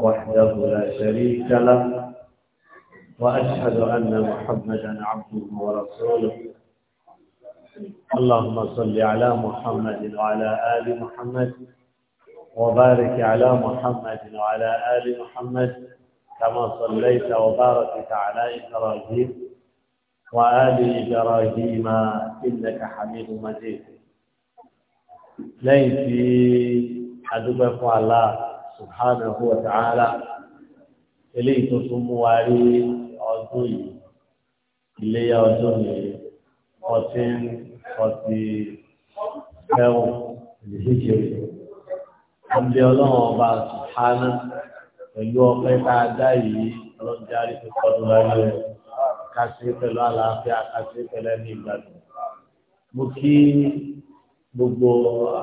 وحده لا شريك له وأشهد أن محمدا عبده ورسوله اللهم صل على محمد وعلى آل محمد وبارك على محمد وعلى آل محمد كما صليت وباركت على إبراهيم وآل إبراهيم إنك حميد مجيد ليتي أدبك الله subhanahu wa ta'ala eléyìí tó tún mú wa rí ọdún yìí iléyà ọdún yìí fourteen forty seven ìdíjìrì ọdẹ ọlọ́run ọba subhana pẹ̀lú ọpẹ́ tá a dá yìí ọlọ́jà rí tó kọ́ lóra rẹ̀ kásí pẹ̀lú àlàáfíà kásí pẹ̀lú ẹni ìgbàdùn. mo kí gbogbo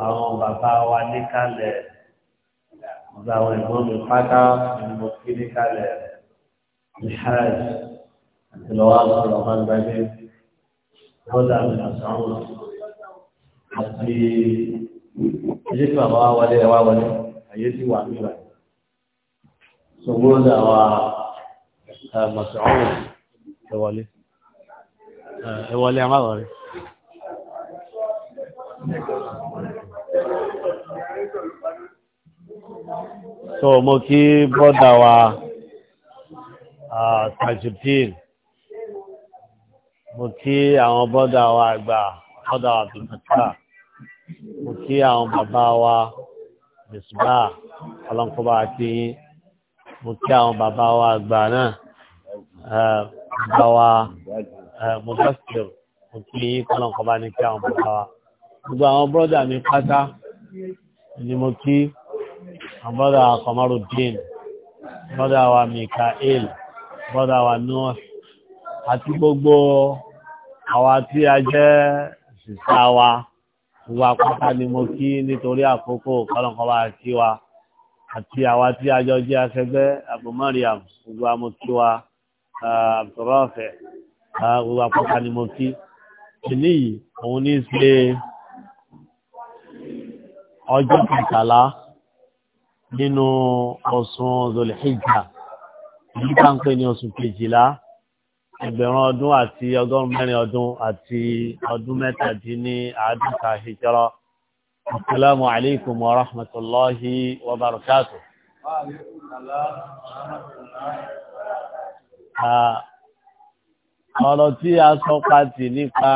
àwọn bàbá wa níkàlẹ̀ ọ̀gá àwọn ẹ̀gbọ́n mi pátá ni mo fi ní kalẹ̀ ìhàj àti lọ́wọ́ àtọ̀rọ̀ máa ń gbájẹ́ lọ́dà mi àtàwọn àti ilé tí bàbá wa wọlé ẹ wá wọlé àyè tí wà nígbà yìí. ṣùgbọ́n lọ́dà wa mọ̀sán ẹ wọlé ẹ wọlé a má wọlé. so mo kí bọ́dà wa tajudeen mo kí àwọn bọ́dà wa àgbà bọ́dà wa bìbàtà mo kí àwọn bàbá wa bìsùbà ọlọ́nkọ́bà àti mo kí àwọn bàbá wa àgbà náà bàbá wa mọ̀gáṣẹ́ mo kí kọ́lọ́nkọ́bà ní kí àwọn bàbá wa gbogbo àwọn bọ́dà mi pátá ni mo kí bọ́dà wa Kọmarudin bọ́dà wa Mikael bọ́dà wa Nuh àti gbogbo àwa tí a jẹ́ sísá wa wa pátá ni mo kí nítorí àkókò kọ́lọ̀kọ́ bá kí wa àti àwa tí a jọ jẹ́ akẹgbẹ́ Abu Mariam gbogbo àmọ́ kí wa àbùrọ̀fẹ̀ eh, eh, gbogbo àpọ́ta ni mo kí ìní yìí òun ní ṣe ọjọ́ kẹtàlá nínú ọ̀sùn zolhijja èyí tá ń pè ní oṣù kejìlá ẹgbẹ̀rún ọdún àti ọgọ́rùn mẹ́rin ọdún àti ọdún mẹ́tàdínní àádọ́ta hijra asalaamu alaykum wa rahmatulahi wa barakatu. ọ̀rọ̀ tí a sọ pàtì nípa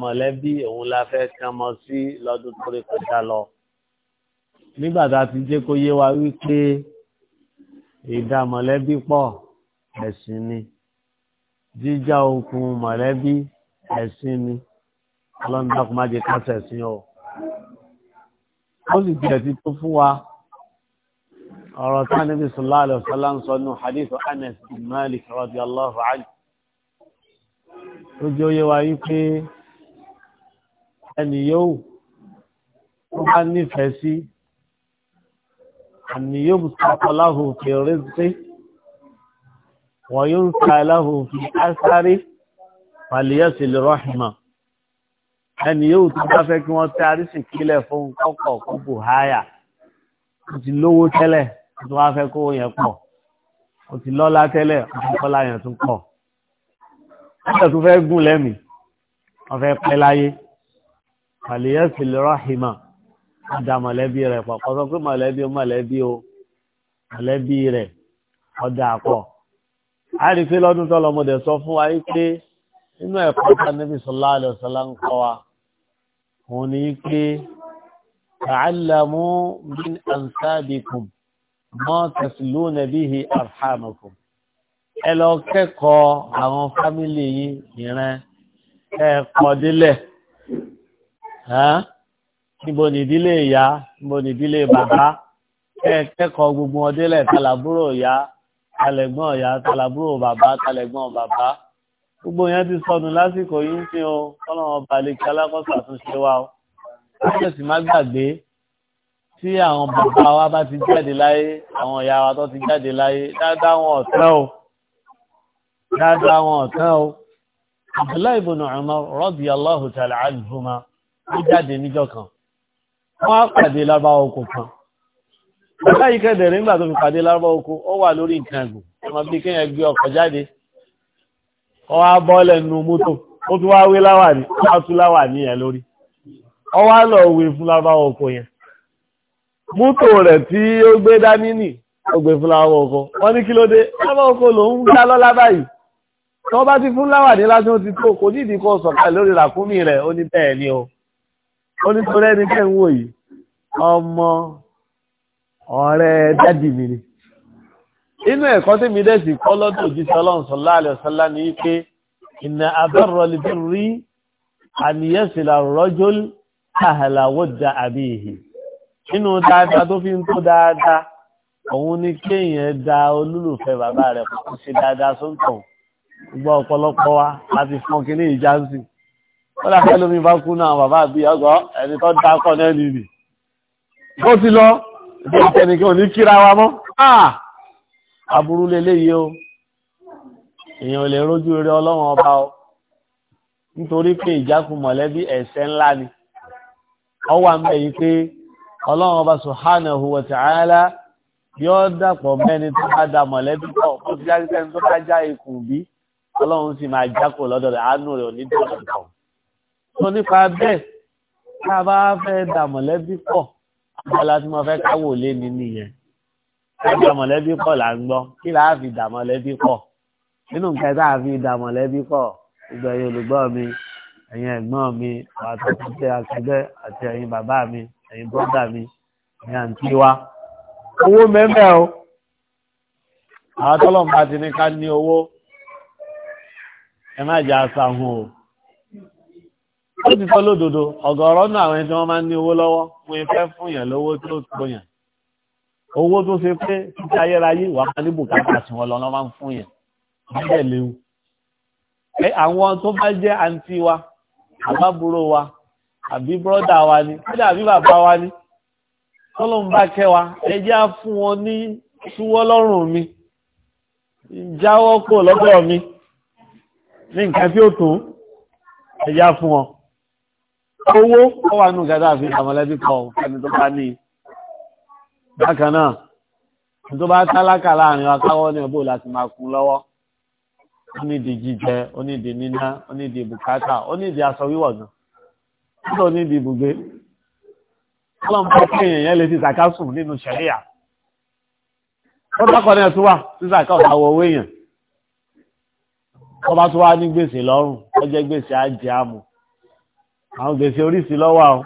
mọ̀lẹ́bí òun la fẹ́ kàn mọ́ sí lọ́dún tó rí kọjá lọ nígbà tá a ti jẹ́ kó yé wa wípé ìdá mọ̀lẹ́bí pọ̀ ẹ̀sìn ni jíjá okùn mọ̀lẹ́bí ẹ̀sìn ni ọlọ́run dákun má jẹ́ kásẹ̀ sí ọ. ó sì tiẹ̀ ti tó fún wa ọ̀rọ̀ tí Ànábì sallallahu alaihi wasallam ń sọ nù hadith Anas bin Malik radiyallahu anhu tó jẹ́ ó wa wípé ẹnì yóò tó bá nífẹ̀ẹ́ sí àmì yóò bù sọ́kọ́ láhùn fi rẹ́sí wọ́n yóò ń sa láhùn fi ásáré pàlíyàsì lè rọ́ọ̀hìmọ̀ ẹni yóò tó bá fẹ́ kí wọ́n tẹ́ àrísì kílẹ̀ fún kọ́kọ̀ kó bù háyà ó ti lówó tẹ́lẹ̀ ó wá fẹ́ kó yẹn pọ̀ ó ti lọ́lá tẹ́lẹ̀ ó yẹn tún pọ̀ ẹ̀sẹ̀ tó fẹ́ gùn lẹ́mìí wọ́n pẹ́ láyé pàlíyàsì lè rọ́ọ̀hìmọ̀ wọ́n da mọ̀lẹ́bí rẹ̀ pọ̀ kọ́ sọ pé mọ̀lẹ́bí o mọ̀lẹ́bí o mọ̀lẹ́bí rẹ̀ ọ̀dà pọ̀. a rí i pé lọ́dún tó lọ́mọdé sọ fún wa yìí pé nínú ẹ̀kọ́ ta níbi sọlá àlọ́ sọlá ń kọ́ wa òun ni yìí pé ta'allamu min ansabikum ma tasluna bihi arhamakum ẹ lọ kẹ́kọ̀ọ́ àwọn fámìlì yìí ìran ẹ̀ pọ̀ délẹ̀ níbo nìdílé ìyá níbo nìdílé bàbá kẹ́ẹ̀kẹ́kọ̀ọ́ gbogbo wọn délẹ̀ tàlàbúrò ìyá tàlẹ̀gbọ́n ìyá tàlàbúrò bàbá tàlẹ̀gbọ́n bàbá gbogbo yẹn ti sọnù lásìkò yìí ń fi o kọ́lọ́wọ́n balẹ̀ kí alákọ̀ọ́sọ àtúnṣe wa o láti sì má gbàgbé tí àwọn bàbá wa bá ti jáde láyé àwọn ìyá wa tó ti jáde láyé dáadáa wọn ọ̀tán o dáadáa wọn ọ̀tán o Abdullahi ibn Umar radiyallahu ta'ala anhuma ó jáde níjọ́ kan wọ́n á pàdé lábá oko kan láyìí kẹ́dẹ̀rẹ́ nígbà tó fi pàdé lábá oko ó wà lórí nǹkan ẹ̀gùn ọmọ bíi kéèyàn gbé ọkọ̀ jáde ó wá bọ́ọ̀lẹ̀ nínú mọ́tò ó tún wá wé láwà ní ó tún láwà ní yẹn lórí ó wá lọ wé fún lábá oko yẹn mọ́tò rẹ̀ tí ó gbé dání nì ó gbé fún lábá oko wọ́n ní kí ló dé lábá oko lòún ń dá lọ́lá báyìí tí bá ti fún láwà ní lásán ti tó kò nídìí kó sọ̀kà lórí ràkúnmí rẹ̀ ó ní bẹ́ẹ̀ ni o ó ní torí ẹni tẹ́ ń wò yìí ọmọ ọ̀rẹ́ dádì mi ni inú ẹ̀kọ́ tí mi dẹ̀sì kọ́ lọ́dọ̀ òjíṣẹ́ ọlọ́run sọ̀lá àlẹ́ ọ̀sọ́lá ni wípé ìnà abẹ́rọ̀lẹ́bí rí àníyẹ́sìlá rọ́jò àhàlàwọ́dà àbí ìhì nínú dáadáa tó fi ń tó dáadáa òun ni kéèyàn da olólùfẹ́ bàbá rẹ̀ kó ṣe dáadáa sóńtàn gbọ́ ọ̀pọ̀lọpọ̀ wa láti fọ́n kínní ìjánsìn wọ́n dà pẹ́lú mi bá kú náà bàbá àbí ọgọ́ ẹni tó dákọ̀ náà nìyí bó ti lọ bí ìtẹnìkì ò ní kíra wa mọ́ àbúrú ah! leléyìí o èèyàn lè rójú rere ọlọ́run ọba o nítorí pé ìjákun mọ̀lẹ́bí ẹ̀ṣẹ̀ ńlá ni ọ wà ń bẹ̀ yìí pé ọlọ́run ọba subhanahu wa ta'ala yóò dàpọ̀ mẹ́ni tó bá da mọ̀lẹ́bí pọ̀ ó ti jáde sẹ́ni tó bá já ikùn bí ọlọ́run sì máa jákò lọ́dọ̀ rẹ̀ àánú rẹ̀ ò ní dọ̀dọ̀ tó nípa bẹ́ẹ̀ tá a bá fẹ́ dà mọ̀lẹ́bí pọ̀ abala tí mo fẹ́ káwò lé ní nìyẹn ká dà mọ̀lẹ́bí pọ̀ là ń gbọ́ kí là á fi dà mọ̀lẹ́bí pọ̀ nínú nǹkan tá a fi dà mọ̀lẹ́bí pọ̀ gbogbo ẹ̀yin olùgbọ́ mi ẹ̀yin ẹ̀gbọ́n mi àtàkùnṣe akẹgbẹ́ àti ẹ̀yin bàbá mi ẹ̀yin bọ́dà mi ẹ̀yin àǹtí wa owó mẹ́mẹ́ o àwọn tọ́lọ́mù bá ti ní ká ní owó ẹ má jẹ́ àṣà o ó ti sọ lódodo ọ̀gọ̀rọ̀ náà àwọn ẹni tí wọ́n máa ń ní owó lọ́wọ́ fún ifẹ́ fún yàn lówó tó tó yàn owó tó ṣe pé títí ayérayé wà á ní bùkátà tí wọ́n lọ máa ń fún yàn bẹ́ẹ̀ léwu ẹ àwọn tó bá jẹ́ àǹtí wa àbábúrò wa àbí bọ́dà wa ni kódà àbí bàbá wa ni tọ́lọ́mù bá kẹ́ wa ẹ jẹ́ á fún wọn ní túwọ́ lọ́rùn mi jáwọ́ kò lọ́dọ̀ mi ní nǹkan tí ó tó ẹ jẹ́ á fún wọn owó ó wà nù gàdá àfi àmọ̀lẹ́bí kan ẹni tó bá ní bákan náà tó bá tálákà láàrin akáwọ́ ní ọbọ̀ láti máa kún lọ́wọ́ ó ní di jíjẹ ó ní di níná ó ní di bùkátà ó ní di aṣọ wíwọ̀ gan ó tó ní di ibùgbé ọlọ́mọ kí èèyàn lè ti sàká sùn nínú ṣẹ̀ríà ó dákọ̀ náà tó wà sí sàká ọ̀dà owó èèyàn ọba tó wá ní gbèsè lọ́rùn ó jẹ́ gbèsè á jẹ́ àmù àwọn gbèsè oríṣi lọ́wọ́ àwọn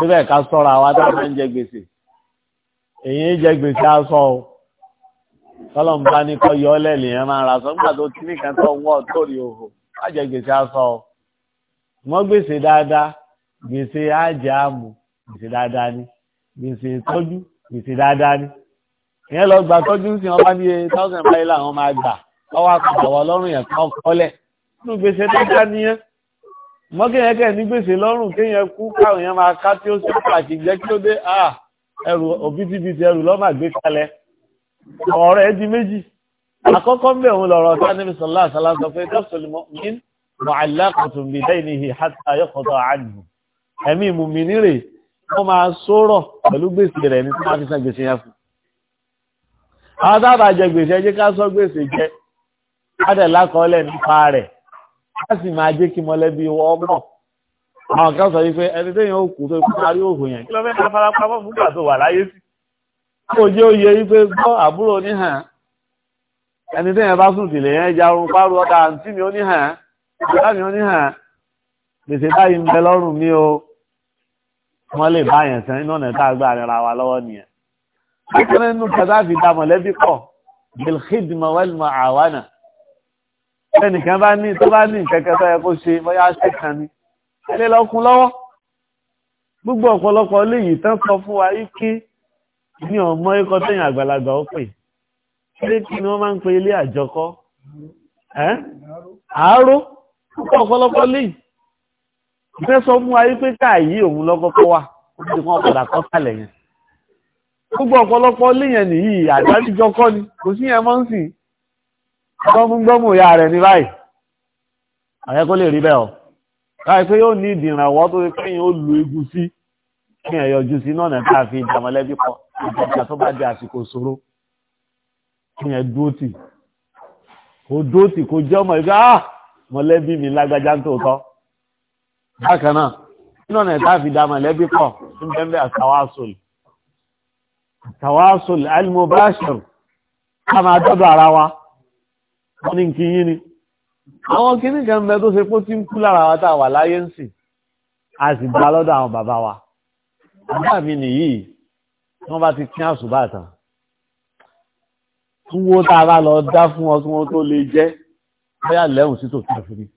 níbẹ̀ ká sọ̀rọ̀ àwọn adájọ́ ń jẹ gbèsè èyí ń jẹ gbèsè aṣọ o tọ́lọ́mù bá ní kọ́ yọ ọ́lẹ̀ lèèyàn máa ra sọ nígbà tó ti ní kan tó wọ́ torí òhò á jẹ gbèsè aṣọ o mọ́ gbèsè dáadáa gbèsè ájẹ àmù gbèsè dáadáa ni gbèsè ìtọ́jú gbèsè dáadáa ni ìyẹn lọ gbà tọ́jú sí wọn bá ní thousand five làwọn máa gbà ọwọ́ àpàtàwọ̀ ọlọ́run yẹn kọ́ kọ́lẹ̀ nínú gbèsè dáadáa nìyẹn mọ́kẹ́yẹ́kẹ́ ní gbèsè lọ́rùn kéèyàn kú káwọn èèyàn máa ká tí ó sì pàtàkì jẹ́ kí ó dé ẹrù òbítíbitì ẹrù lọ́mà gbé kalẹ̀ ọ̀rọ̀ ẹ di méjì àkọ́kọ́ mbẹ̀ òun lọ̀rọ̀ sánẹ́bí sọ̀lá àsálà sọ pé dọ́kítọ̀lì mọ́mìn mọ̀ọ́lá kọ̀tùn bí dẹ́yìn ìhì hàtà ayọ́kọ̀tọ̀ àdùn ẹ̀mí ìmùmí nírè wọ́n máa sọ̀rọ̀ pẹ̀lú gbèsè rẹ̀ ní tí wọ́n fi á sì máa jẹ́ kí mọ̀lẹ́bí wọ́n mọ̀ àwọn kan sọ wípé ẹni tẹ́yìn ó kù tó ikú parí òhò yẹn kí ló fẹ́ máa fara pamọ́ fún ìgbà tó wà láyé sí. kò jẹ́ oyè wípé gbọ́ àbúrò oníhàn ẹni tẹ́yìn bá sùn tìlẹ̀ yẹn jarun párú ọ̀dà àǹtí mi oníhàn ọ̀dà mi oníhàn gbèsè báyìí ń bẹ lọ́rùn mi o wọ́n lè bá yẹn sẹ́yìn náà nẹ́ta gbà nira wa lọ́wọ́ nìyẹn. akẹ́rẹ́ nínú kẹta fi da mọ̀lẹ́bí pọ̀ bilhid mawal ma'awana ẹnìkan bá ní tó bá ní ìkẹ́kẹ́ tó yẹ kó ṣe bóyá ṣe kan ni ẹlẹ́ lọ́kùn lọ́wọ́ gbogbo ọ̀pọ̀lọpọ̀ léyìí tán sọ fún wa ike ní ọmọ ikọ̀ tẹ̀yìn àgbàlagbà ó pè ilé kí ni wọ́n máa ń pe ilé àjọkọ́ ẹ́ àárò púpọ̀ ọ̀pọ̀lọpọ̀ léyìí ìfẹ́ sọ fún wa wípé káàyè òun lọ́kọ́kọ́ wa ó ti wọ́n padà kọ́ kalẹ̀ yẹn gbogbo ọ̀pọ̀lọpọ̀ léyìn nìyí àdájọ́ ni kò sí yẹn mọ́ ń sìn gbọ́múgbọ́mù ìyá rẹ̀ ní báyìí àyẹ́ kó lè rí bẹ́ẹ̀ ọ́ láì pé yóò ní ìdìrànwọ́ tó fi kéyìn ó lu igun sí kí ẹ̀ yọjú sí náà nẹ̀ káà fi ìdàmọ́lẹ́bí pọ̀ ìjọba tó bá di àsìkò ṣòro kí ẹ̀ dúró tì kò dúró tì kò jẹ́ ọmọ ìgbà ah, mọ̀lẹ́bí mi lágbájá ń tòótọ́ bákan náà nínú ọ̀nà ìta fi dámà lẹ́bí pọ̀ ń bẹ́ẹ̀ àtàwásùl àtàwásùl almubashir ká máa dọ́dọ̀ ara wa wọ́n ní kí yín ni àwọn kìíní kan bẹ tó ṣe pé tí ń kú lára wa tá a wà láyé ń sìn a sì gba lọ́dọ̀ àwọn bàbá wa bàbá mi nìyí wọ́n bá ti kí àṣùbà tán túwó tá a bá lọ dá fún ọ tí wọ́n tó lè jẹ́ bóyá lẹ́hùn sí tòótọ́ àfihàn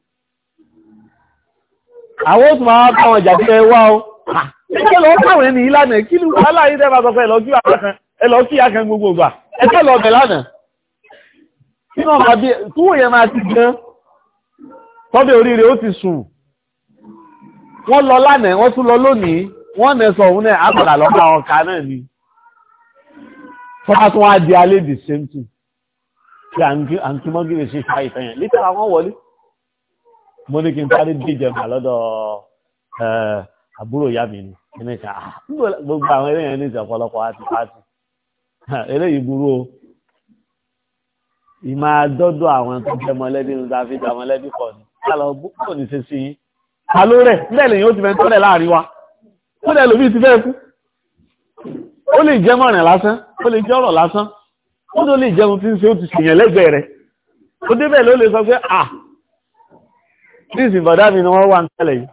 àwọn oṣù máa bá wọn jà pé wá o ṣé ah, lọ káwọn ènìyàn lánàá kí ni wàhálà yìí dẹ́ bá sọ pé ẹ lọ kí àkàn gbogbo ìgbà ẹ tẹ́ bẹ̀ lánàá tí wọ́n máa bí túwò yẹn máa ti gan tọ́bẹ̀ oríire ó ti sùn wọ́n lọ lánàá wọ́n tún lọ lónìí wọ́n nẹ sọ òun náà àpàdà lọ́pàá àwọn ọ̀ka náà ni fọ́nà tún wá di alẹ́ the same thing tí à ń kí mọ́gìrì ṣe ṣá ìfẹ́ yẹn lítà àwọn wọlé mo ní kí n parí díje mà lọ́dọ̀ àbúrò ìyá mi ni ẹni ká ah, gbogbo àwọn eléyàn ní ìṣọ̀pọ̀lọpọ̀ àti pàtì eléyìí burú o ìmọ̀ àdọ́dọ̀ àwọn tó jẹ́ mọ̀lẹ́bí ń dáfi dá mọ̀lẹ́bí pọ̀ ní kálọ̀ bókò ní ṣe sí yín ta ló rẹ̀ bẹ́ẹ̀ lèyìn ó ti fẹ́ tọ́lẹ̀ láàrin wa ó dẹ̀ lòmí ti fẹ́ kú ó lè jẹ́ mọ̀rìn lásán ó lè jẹ́ ọ̀rọ̀ lásán ó tó lè jẹun tí ń ṣe ó ti ṣèyàn lẹ́gbẹ̀ẹ́ rẹ̀ ó débẹ̀ ló lè sọ pé à ní ìsìn bọ̀dá mi ni wọ́n wà ń tẹ́lẹ̀ yìí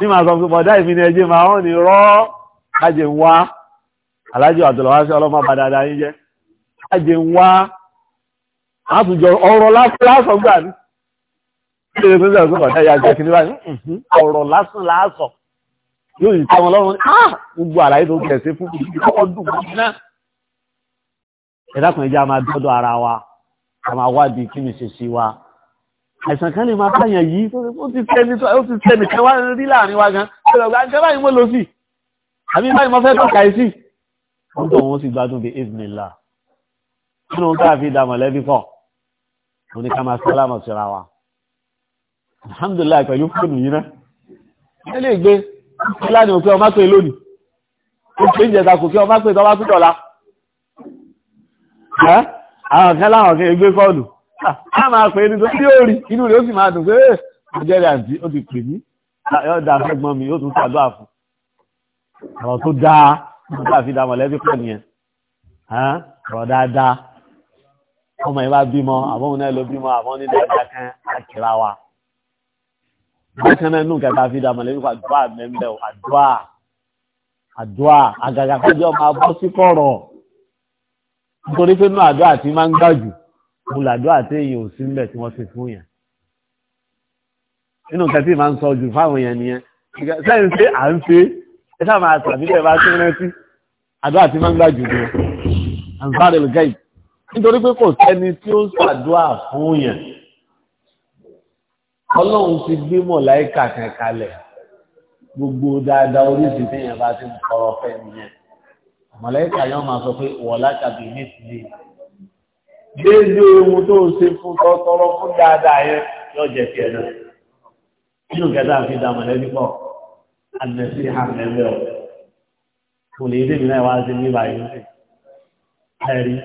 ní màá sọ pé bọ̀dá ìmí ni ẹjẹ́ máa wọ́n ni rọ́ ajé ń wá alájọ àtọ̀lọ́wá sí ọlọ́mọ bàdáadáa yín jẹ́ ajé ń wá àtùjọ ọ̀rọ̀ lásán gbà ní ṣe tó jẹ́ ọ̀sán ọ̀dá ìyàgbẹ́ kìíní báyìí ọ̀rọ̀ lásán lásán yóò yìí táwọn ọlọ́run ní ah! gbogbo àlàyé tó kẹ̀ sí fún ìdí kọ́kọ́ dùn mọ́ iná ẹ̀dá kan ẹja máa dọ́dọ̀ ara wa a máa wádìí kí ni ṣe sí wa àìsàn kan lè máa báyàn yìí ó ti tẹ́ni ó ti tẹ́ni kan wá rí láàrin wa gan ẹ̀rọ̀gbà ń jẹ́ báyìí mo lọ sí àbí báyìí mo fẹ́ tọ́ka ẹ̀ sí wọ́n tó wọn sì gbádùn bí evening la nínú tá a pọ̀ wọ́n ní ká máa sálámà síra wa alhamdulillah pẹ̀lú fóònù yìí náà ẹ lè gbé ọlá ni òkè ọmọ pé lónìí ó pè ń jẹta kò kí ọmọ pé tọ́wá tún dọ̀la àwọn kan láwọn kan gbé fóònù á máa pè ní tó sí òòrì inú rẹ̀ ó sì máa dùn pé ọjọ́rẹ̀ àǹtí ó ti pè mí yọ̀ọ̀dà fẹ́gbọ́n mi ó tún ṣàdúrà fún ọ̀rọ̀ tó dáa nígbà fi dá mọ̀lẹ́bí pọ̀ nìyẹn ọ̀rọ̀ dáadáa ọmọ ìwà bímọ àbọ̀hún náà ló bímọ àbọ̀hún ní dáadáa kan àkìrà wa bákan náà nù kẹta fi dà mọ̀lẹ́bí kó àdúrà mẹ́mbẹ́ àdúrà àdúrà àgàgà kọjọ́ máa bọ́ sí kọ̀rọ̀ nítorí pé nù àdúrà tí máa ń gbà jù mo làdúrà tí èèyàn ò sí ń bẹ̀ tí wọ́n ti fún yẹn nínú kẹtí máa ń sọ jù fáwọn yẹn nìyẹn sẹ́yìn pé à ń ṣe ẹ sáà máa tàbí bẹ́ẹ̀ bá tún rántí àdúrà tí máa ń gbà jù ni àǹfààní lùgẹ́yìí nítorí pé kò sẹ́ni tí ó ṣàdúrà fún yẹn ọlọ́run ti gbé mọ̀láìkà kan kalẹ̀ gbogbo dáadáa oríṣi téèyàn bá ti ń kọ́rọ́ fẹ́ nìyẹn mọ̀láìkà yẹn máa sọ pé wọ̀lá tàbí nísìlẹ̀ déédé ohun tó ṣe fún tọ́tọ́rọ́ fún dáadáa yẹn yóò jẹ́ tiẹ̀ náà nínú kẹta àfi dá mọ̀lẹ́bí pọ̀ àdìmẹ́sí àmẹ́mẹ́ ọ̀ kò lè dé mi náà wá sí ní báyìí ẹ̀rí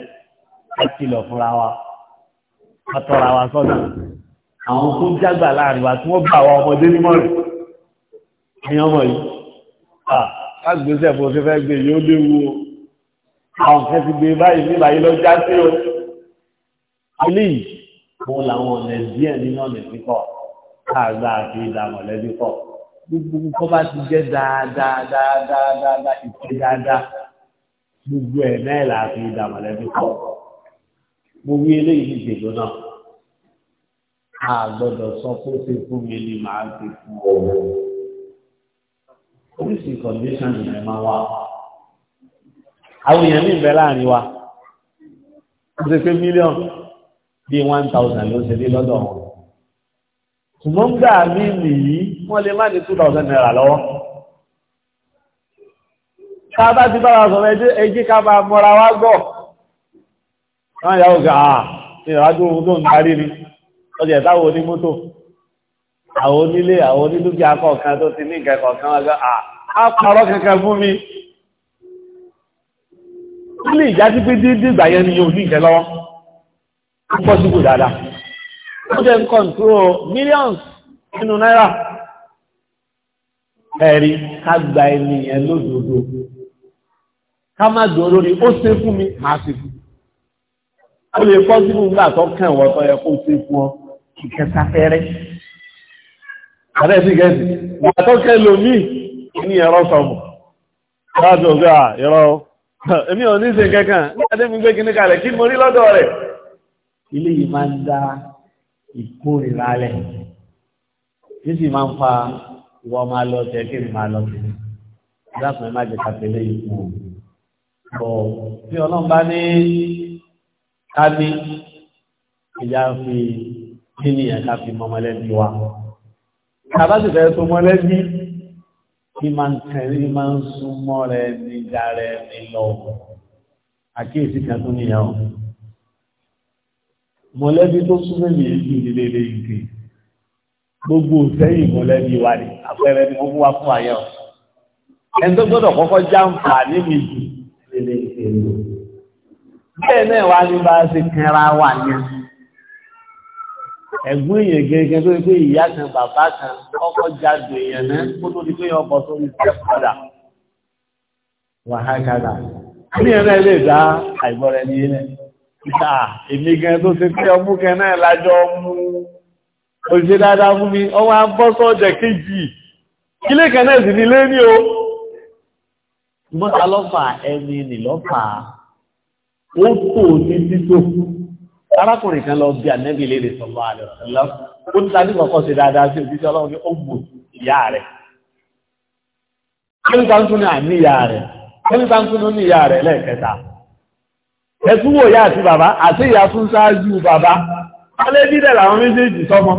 ká kìlọ̀ fúnra wa ká tọ́ra wa sọ́nà àwọn tó ń jágbà láàrin wa tí wọ́n bá àwọn ọmọdé nímọ̀ rẹ̀ ẹ̀yàn ọmọ yìí àgbésẹ̀ bó ṣe fẹ́ gbé yóò léwu o àwọn kan ti gbé báyìí nígbà yìí lọ já sí o eléyìí òun làwọn ọ̀nà díẹ̀ nínú ọ̀nà kíkọ́ káàgbá àti ìdàmọ̀lẹ́bí kọ́ gbogbo kọ́ bá ti jẹ́ dáadáa dáadáa dáadáa ìṣe dáadáa gbogbo ẹ̀ náà là mo wí eléyìí ní ìdèlò náà a gbọ́dọ̀ sọ pé ó ti fún mi ni màá ti fún ọ oríṣi condition yẹn máa wà àwọn èèyàn ní ìbẹ̀ láàrin wa ó ti pé mílíọ̀nù bíi one thousand ló ṣe dé lọ́dọ̀ wọn ṣùgbọ́n gbà mí nìyí wọ́n lè má ní two thousand naira lọ́wọ́ ká bá ti bá wa sọ̀rọ̀ ẹjẹ́ ká bá mọ́ra wa gbọ́. wọ́n yà ó gà á ìrìnàjò ohun tó ń darí ni ọjà ìtàwọn onímọ́tò àwọn onílé àwọn onídúkìá kọ̀ọ̀kan tó ti ní ìkẹ́kọ̀ọ́ wọ́n gbá ah, á kankan fún mi ilé ìjásí pé dídí ìgbà yẹn ni yóò ní ìkẹ́ lọ́wọ́ ó pọ̀ síkò dáadáa ó jẹ́ ń millions nínú náírà ẹ̀rí ká gba ẹni yẹn lódodo ká má dùn ó lè fọ́ sínú nígbà tó kàn wọ́n tó yẹ kó ṣe fún ọ ìkẹta fẹ́rẹ́ àdẹ́sí gẹ̀ẹ́sì ìgbà tó kẹ́ lómi ní ẹ̀rọ sọ̀mù láti ọ̀gá ẹ̀rọ èmi ò ní ṣe kankan nígbà tí mi gbé kíní kalẹ̀ kí mo rí lọ́dọ̀ rẹ̀ ilé yìí máa ń dá ìkórìíra lẹ̀ yìí sì máa ń fa ìwọ máa lọ tẹ kí ni máa lọ tẹ dákùnrin má jẹ kàtẹ́lẹ́ yìí fún ọ. bí ọlọ́run bá ní ká ní ìyá fi kíni ẹ̀ ká fi mọmọlẹ́bí wa tàbá sì fẹ́ tó mọlẹ́bí kí máa ń tẹ̀lé máa ń súnmọ́ rẹ ní darẹ ní lọ àkíyèsí kan tó níyàwó mọlẹ́bí tó súnmọ́ mi yìí ju nílé ilé ìgbé gbogbo sẹ́yìn mọlẹ́bí wa ni àpẹẹrẹ ni wọ́n mú wa fún àyẹ̀wò ẹni tó gbọ́dọ̀ kọ́kọ́ jáǹfà níbi jù nílé ìgbé lọ bẹ́ẹ̀ náà wá ní bá ṣe kanra wà ní ẹ̀gbọ́n èèyàn gẹ́gẹ́ tó pé ìyá kan bàbá kan ọkọ̀ jáde èèyàn náà kó tó di pé ọkọ̀ tó ní tẹ́ padà wàhákàdà ní ẹ̀rẹ́ lè dá àìgbọ́rẹ̀ ní ilẹ̀ ìta èmi gan tó ṣe pé ọmú kan náà lájọ mú òṣìṣẹ́ dáadáa fún mi ọwọ́ abọ́ sọ́ọ̀jẹ̀ kejì ilé kan náà sì ní lé ní o mọ́ta lọ́fà ẹni nìlọ́fà wọ́n kò sí títò arákùnrin kan lọ bí ànẹ́bì lè sọ̀rọ̀ àlọ́ ó ti tàbí kọ̀kọ́ sí dáadáa sí òjíṣẹ́ ọlọ́run ní ọgbọ̀n ìyá rẹ̀ kẹ́lùkà ń tún ní àní ìyá rẹ̀ kẹ́lùkà ń tún ní ìyá rẹ̀ lẹ́ẹ̀kẹta ẹ̀túwò ìyá àti bàbá àti ìyá tún ṣáájú bàbá alẹ́ dídẹ̀ làwọn méjèèjì sọmọ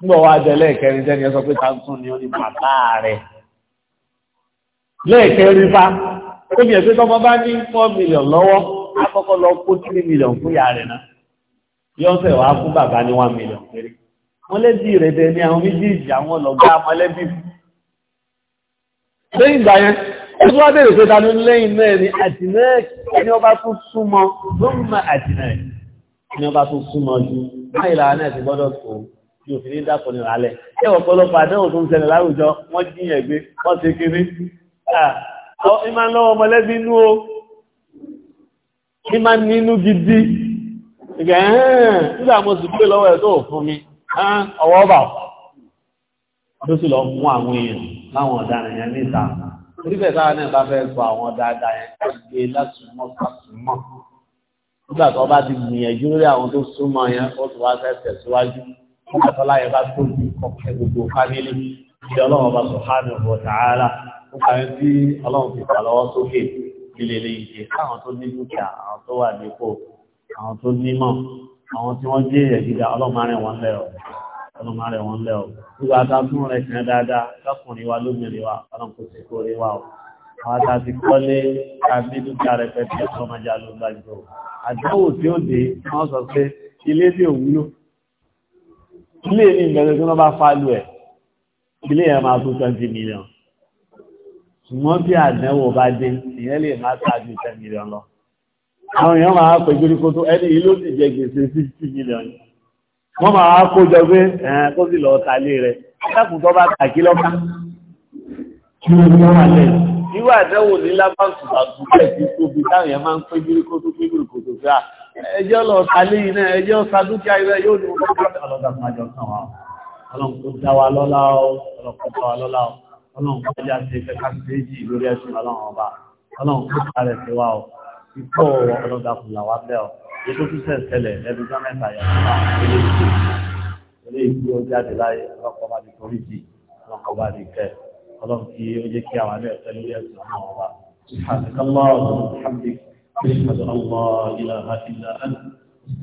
nígbà wá jẹ lẹ́ẹ̀kẹrin jẹ́ni ẹ sọ pé ta tún ní ó ní bàbá rẹ̀ lẹ́ẹ̀kẹrin fa Omi ẹ̀fẹ́ tọ́mọ bá ní four million lọ́wọ́, akọ́kọ́ lọ kó three million fún ìyá rẹ̀ náà. Yọ́sẹ̀ wàá fún bàbá ní one million péré. Mọ́lẹ́bí rẹ̀ dẹ̀ ni àwọn méjèèjì àwọn ọlọ́gbà mọ́lẹ́bí. Lẹ́yìn ìgbà yẹn, ó tún wá pé ta lẹ́yìn náà ni àtìlẹ́ẹ̀kì ẹni ọba tó súnmọ́ ló ń mọ àtìlẹ́ẹ̀kì ẹni ọba tó súnmọ́ ju báyìí làwọn náà ti gbọ́dọ̀ tó yóò fi ní dàpọ̀ ní ìrànlẹ̀. Ṣé ìmá lọ́wọ́ mọ̀lẹ́bí inú o ìmá nínú gidi ìgbẹ̀hẹ́n nígbà mo sì pé lọ́wọ́ ẹ̀ tó fún mi ọwọ́ bà ló sì lọ mú àwọn èèyàn láwọn ọ̀daràn yẹn níta orífẹ̀ táwa náà bá fẹ́ sọ àwọn dáadáa yẹn gbé lásùmọ́ sásùmọ́ nígbà tó bá nípa tí ọlọ́run ti fà sókè líle lè ṣe káwọn tó ní dúkìá àwọn tó wà nípò àwọn tó nímọ̀ àwọn tí wọ́n jẹ́ èèyàn gíga ọlọ́run máa rìn wọ́n lẹ́ rẹ̀ sìn dáadáa lọ́kùnrin wa lómìnir wa ọlọ́run kò sí kó rí wa o àwọn tá a ti kọ́lé ká ní dúkìá rẹpẹtẹ ọmọdé alóńgbàjọ àdánwò tí ó dé wọ́n sọ pé ilé tí ò wúlò ilé ní ìgbẹ́lẹ́ ṣùgbọ́n bí àdánwò bá dé ìyẹn lè má ṣáájú ten million lọ àwọn èèyàn máa pè gbé kó tó ẹni yìí ló sì jẹ gbèsè fifty million wọ́n máa kó jọ pé kó sì lọ ta lé rẹ̀ ẹkùn tó bá kà kí lọ́ka irú àdánwò ní lábàǹtù àbúkẹ́ ti tóbi táwọn èèyàn máa ń pé gbé kó tó gbé kó tó fẹ́ ẹjọ́ lọ ta yìí náà ẹjọ́ sa dúkìá yóò ní wọ́n kọ́ ọlọ́dà máa jọ kàn wá ọlọ́run kó dá wa lọ́lá ọ ọlọ́run kó dá wa lọ́lá ọ ọlọ́run kó já sí fẹ́ ká méjì lórí ẹ̀sùn ọlọ́run ọba ọlọ́run kó kárẹ̀ sí wa ọ ikọ́ ọlọ́dàkùn làwa bẹ́ ọ ètò tó sẹ̀ sẹlẹ̀ ẹbí tó mẹ́ta yà ilé ìlú ó jáde láyé ọlọ́kọ̀ bá di torí jì ọlọ́kọ̀ bá di kẹ́ ọlọ́run kí ó jẹ́ kí àwọn ẹ̀sẹ̀ lórí ẹ̀sùn ọlọ́run ọba سبحانك اللهم وبحمدك أشهد أن لا إله إلا أنت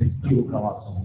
أستغفرك وأتوب